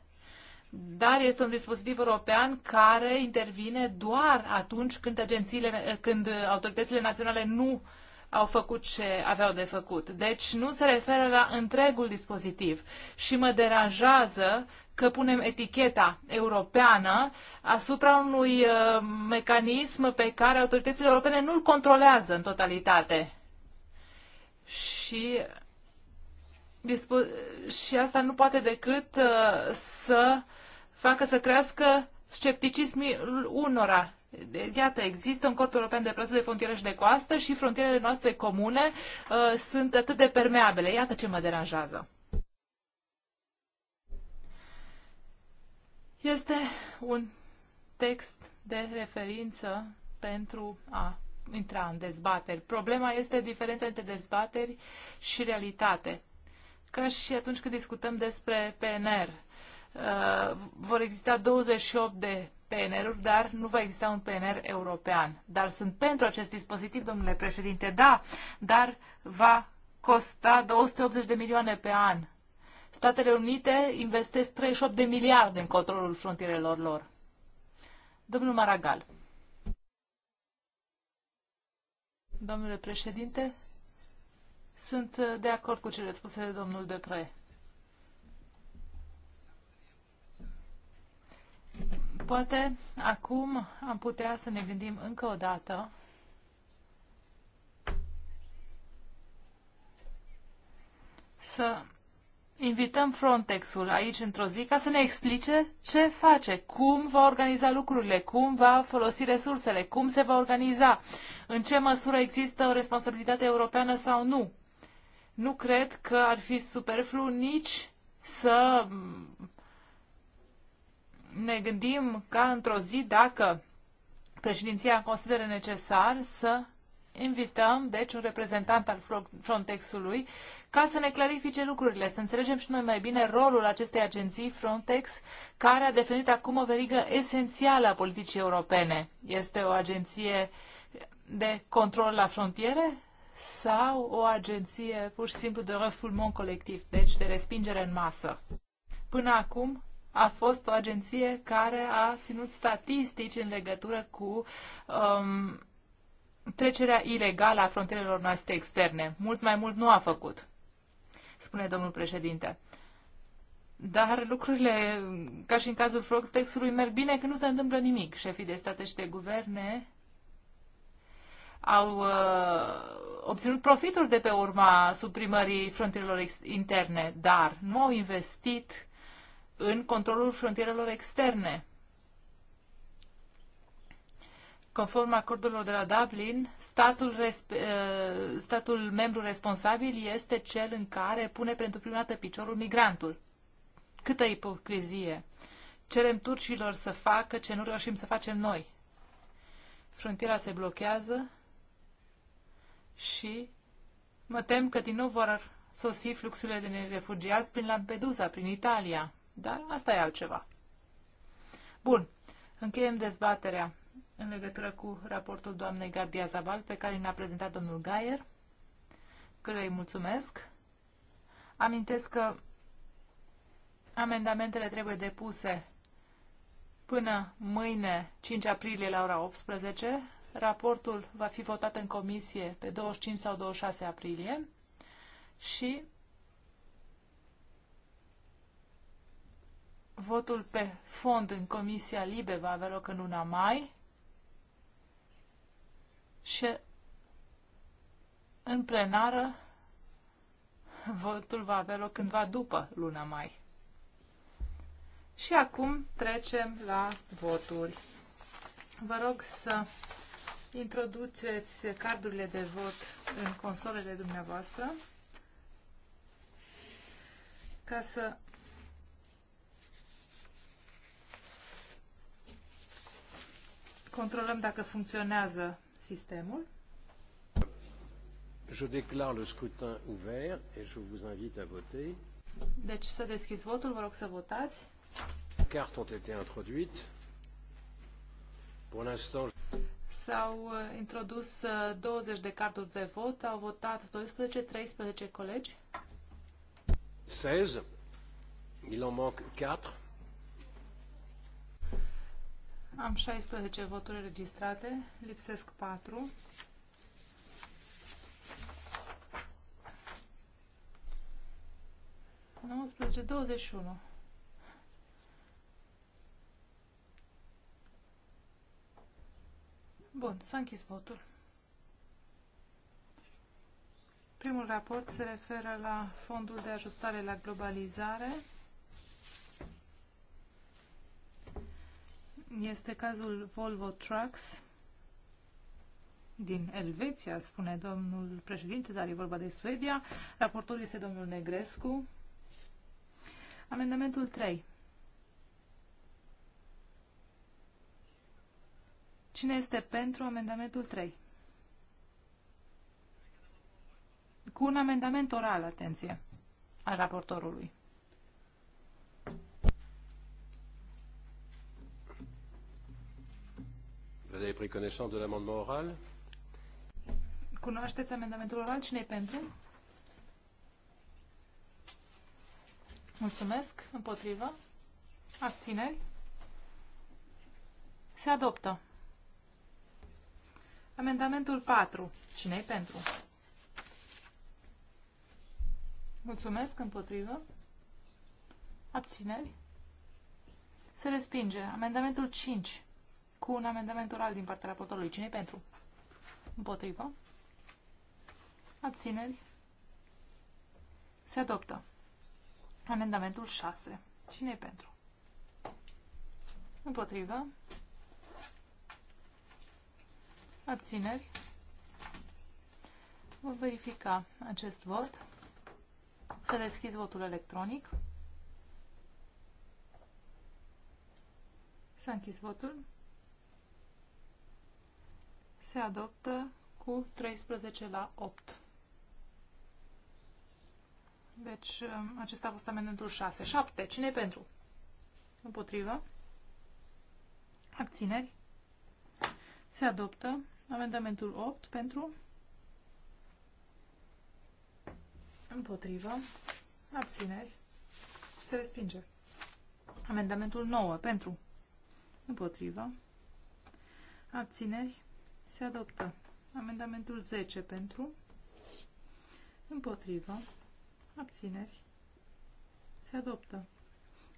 dar este un dispozitiv european care intervine doar atunci când agențiile, când autoritățile naționale nu au făcut ce aveau de făcut. Deci nu se referă la întregul dispozitiv și mă deranjează că punem eticheta europeană asupra unui uh, mecanism pe care autoritățile europene nu-l controlează în totalitate. Și, și asta nu poate decât uh, să uh, facă să crească scepticismul unora. Iată, există un corp european de presă de frontiere și de coastă și frontierele noastre comune uh, sunt atât de permeabile. Iată ce mă deranjează. Este un text de referință pentru a intra în dezbateri. Problema este diferența între dezbateri și realitate. Ca și atunci când discutăm despre PNR Uh, vor exista 28 de PNR-uri, dar nu va exista un PNR european. Dar sunt pentru acest dispozitiv, domnule președinte, da, dar va costa 280 de milioane pe an. Statele Unite investesc 38 de miliarde în controlul frontierelor lor. Domnul Maragal. Domnule președinte, sunt de acord cu cele spuse de domnul Depre. poate acum am putea să ne gândim încă o dată să invităm Frontexul aici într-o zi ca să ne explice ce face, cum va organiza lucrurile, cum va folosi resursele, cum se va organiza, în ce măsură există o responsabilitate europeană sau nu. Nu cred că ar fi superflu nici să ne gândim ca într-o zi dacă președinția consideră necesar să invităm, deci, un reprezentant al Frontexului ca să ne clarifice lucrurile, să înțelegem și noi mai bine rolul acestei agenții Frontex, care a definit acum o verigă esențială a politicii europene. Este o agenție de control la frontiere sau o agenție pur și simplu de refoulement colectiv, deci de respingere în masă. Până acum a fost o agenție care a ținut statistici în legătură cu um, trecerea ilegală a frontierelor noastre externe. Mult mai mult nu a făcut, spune domnul președinte. Dar lucrurile, ca și în cazul Frontexului, merg bine că nu se întâmplă nimic. Șefii de state și de guverne au uh, obținut profituri de pe urma suprimării frontierelor interne, dar nu au investit în controlul frontierelor externe. Conform acordurilor de la Dublin, statul, eh, statul membru responsabil este cel în care pune pentru prima dată piciorul migrantul. Câtă ipocrizie! Cerem turcilor să facă ce nu reușim să facem noi. Frontiera se blochează și mă tem că din nou vor sosi fluxurile de refugiați prin Lampedusa, prin Italia. Dar asta e altceva. Bun. Încheiem dezbaterea în legătură cu raportul doamnei Gabia Zaval pe care ne-a prezentat domnul Gaier, căruia îi mulțumesc. Amintesc că amendamentele trebuie depuse până mâine, 5 aprilie, la ora 18. Raportul va fi votat în comisie pe 25 sau 26 aprilie și Votul pe fond în Comisia Libe va avea loc în luna mai și în plenară votul va avea loc cândva după luna mai. Și acum trecem la voturi. Vă rog să introduceți cardurile de vot în consolele dumneavoastră ca să Controlăm dacă funcționează sistemul. Je déclare le scrutin ouvert et je vous invite à voter. Deci să deschis votul, vă rog să votați. Cartes ont été introduites. Pour l'instant, S-au uh, introdus 20 uh, de carduri de vot, au votat 12, 13 colegi. 16. Il en manque 4. Am 16 voturi registrate, lipsesc 4. Nu douăzeci și unu. Bun, s-a închis votul. Primul raport se referă la fondul de ajustare la globalizare. Este cazul Volvo Trucks din Elveția, spune domnul președinte, dar e vorba de Suedia. Raportorul este domnul Negrescu. Amendamentul 3. Cine este pentru amendamentul 3? Cu un amendament oral, atenție, al raportorului. Vous avez pris connaissance de l'amendement oral Cunoașteți amendamentul oral? Cine e pentru? Mulțumesc. Împotrivă. Abțineri. Se adoptă. Amendamentul 4. cine e pentru? Mulțumesc. Împotrivă. Abțineri. Se respinge. Amendamentul 5 cu un amendament oral din partea raportorului. cine pentru? Împotrivă. Abțineri. Se adoptă. Amendamentul 6. cine pentru? Împotrivă. Abțineri. Vom verifica acest vot. Să deschid votul electronic. S-a închis votul se adoptă cu 13 la 8. Deci, um, acesta a fost amendamentul 6. 7. cine e pentru? Împotrivă. Abțineri. Se adoptă amendamentul 8 pentru. Împotrivă. Abțineri. Se respinge. Amendamentul 9 pentru. Împotrivă. Abțineri. Se adoptă. Amendamentul 10 pentru. Împotrivă. Abțineri. Se adoptă.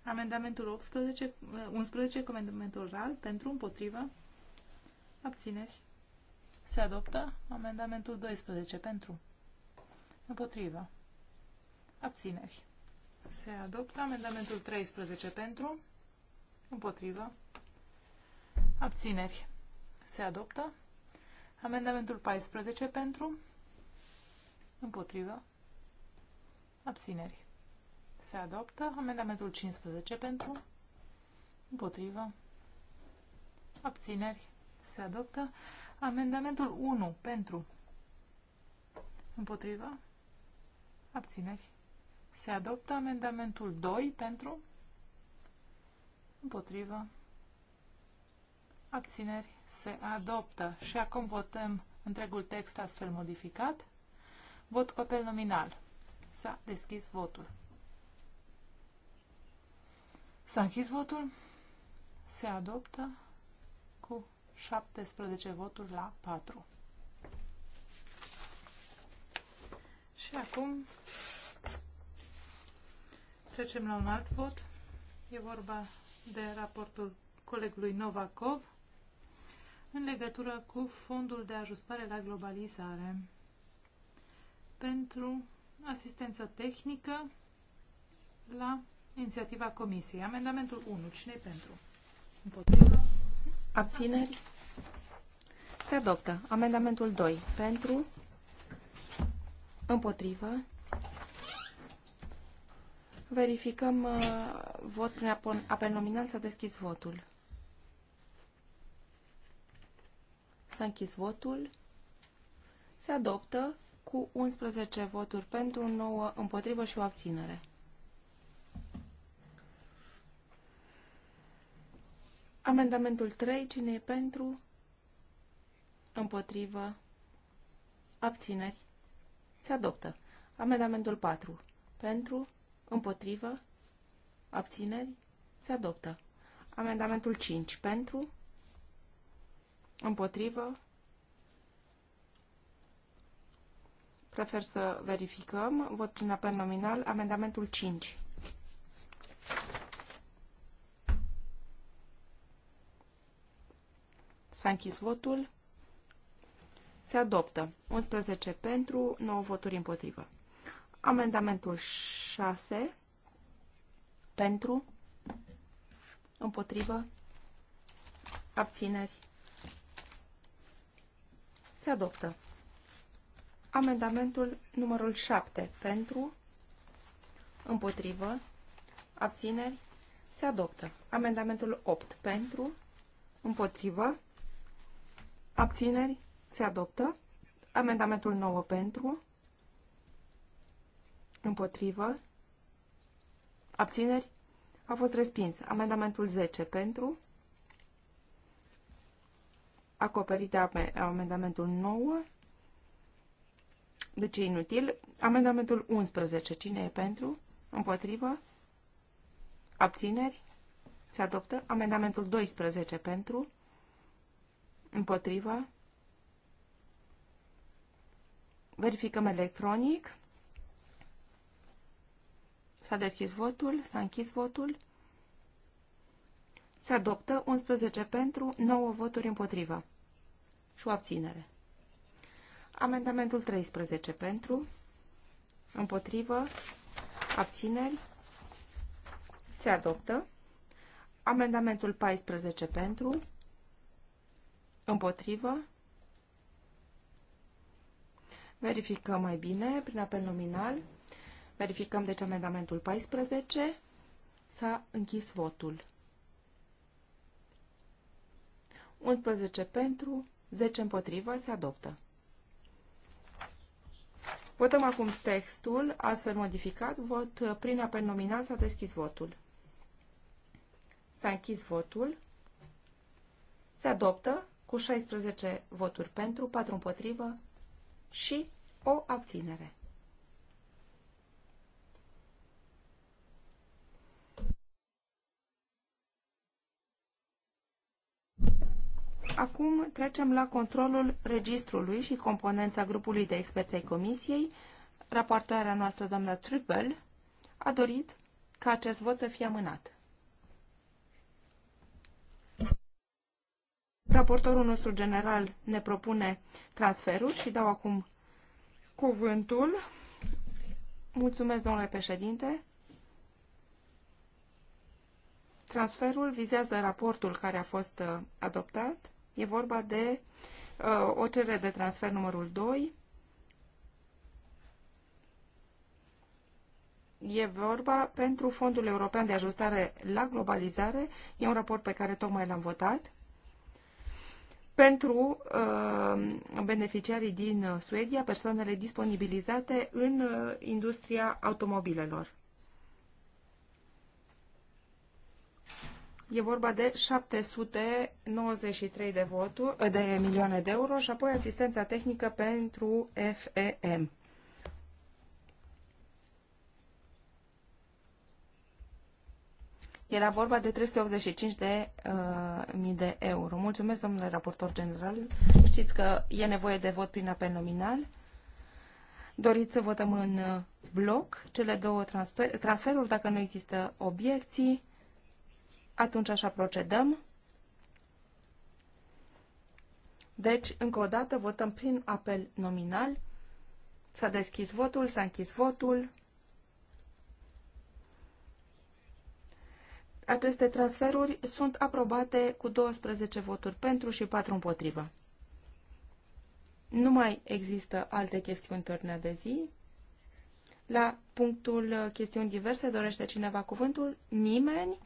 Amendamentul 18, 11 uh, cu amendamentul oral pentru împotrivă. Abțineri. Se adoptă. Amendamentul 12 pentru. Împotrivă. Abțineri. Se adoptă. Amendamentul 13 pentru. Împotrivă. Abțineri. Se adoptă. Amendamentul 14 pentru, împotrivă, abțineri. Se adoptă. Amendamentul 15 pentru, împotrivă, abțineri. Se adoptă. Amendamentul 1 pentru, împotrivă, abțineri. Se adoptă. Amendamentul 2 pentru, împotrivă, abțineri se adoptă. Și acum votăm întregul text astfel modificat. Vot cu apel nominal. S-a deschis votul. S-a închis votul. Se adoptă cu 17 voturi la 4. Și acum trecem la un alt vot. E vorba de raportul colegului Novakov în legătură cu fondul de ajustare la globalizare pentru asistență tehnică la inițiativa Comisiei. Amendamentul 1. cine pentru? Împotriva? Abțineri? Se adoptă. Amendamentul 2. Pentru? Împotrivă? Verificăm uh, vot prin apel nominal. S-a deschis votul. S-a închis votul. Se adoptă cu 11 voturi pentru, 9 împotrivă și o abținere. Amendamentul 3. Cine e pentru? Împotrivă. Abțineri. Se adoptă. Amendamentul 4. Pentru. Împotrivă. Abțineri. Se adoptă. Amendamentul 5. Pentru. Împotrivă? Prefer să verificăm. Vot prin apel nominal. Amendamentul 5. S-a închis votul. Se adoptă. 11 pentru, 9 voturi împotrivă. Amendamentul 6 pentru, împotrivă, abțineri se adoptă. Amendamentul numărul 7 pentru, împotrivă, abțineri, se adoptă. Amendamentul 8 pentru, împotrivă, abțineri, se adoptă. Amendamentul 9 pentru, împotrivă, abțineri, a fost respins. Amendamentul 10 pentru, acoperite amendamentul 9, deci e inutil. Amendamentul 11, cine e pentru? Împotrivă? Abțineri? Se adoptă. Amendamentul 12 pentru? Împotrivă? Verificăm electronic. S-a deschis votul, s-a închis votul. Se adoptă 11 pentru, 9 voturi împotrivă și o abținere. Amendamentul 13 pentru, împotrivă, abțineri, se adoptă. Amendamentul 14 pentru, împotrivă, verificăm mai bine prin apel nominal, verificăm deci amendamentul 14, s-a închis votul. 11 pentru, 10 împotrivă, se adoptă. Votăm acum textul, astfel modificat, vot uh, prin apel nominal, s-a deschis votul. S-a închis votul. Se adoptă cu 16 voturi pentru, 4 împotrivă și o abținere. Acum trecem la controlul registrului și componența grupului de experți ai Comisiei. Raportoarea noastră, doamna Triple, a dorit ca acest vot să fie amânat. Raportorul nostru general ne propune transferul și dau acum cuvântul. Mulțumesc, domnule președinte. Transferul vizează raportul care a fost uh, adoptat E vorba de uh, o cerere de transfer numărul 2. E vorba pentru Fondul European de Ajustare la Globalizare. E un raport pe care tocmai l-am votat. Pentru uh, beneficiarii din Suedia, persoanele disponibilizate în uh, industria automobilelor. E vorba de 793 de, voturi, de milioane de euro și apoi asistența tehnică pentru FEM. Era vorba de 385 de uh, mii de euro. Mulțumesc, domnule raportor general. Știți că e nevoie de vot prin apel nominal. Doriți să votăm în uh, bloc cele două transfer transferuri, dacă nu există obiecții atunci așa procedăm. Deci, încă o dată, votăm prin apel nominal. S-a deschis votul, s-a închis votul. Aceste transferuri sunt aprobate cu 12 voturi pentru și 4 împotrivă. Nu mai există alte chestiuni pe ordinea de zi. La punctul chestiuni diverse dorește cineva cuvântul? Nimeni?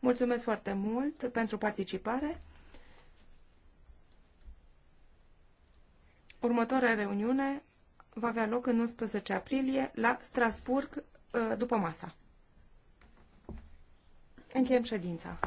Mulțumesc foarte mult pentru participare. Următoarea reuniune va avea loc în 11 aprilie la Strasburg uh, după masa. Încheiem ședința.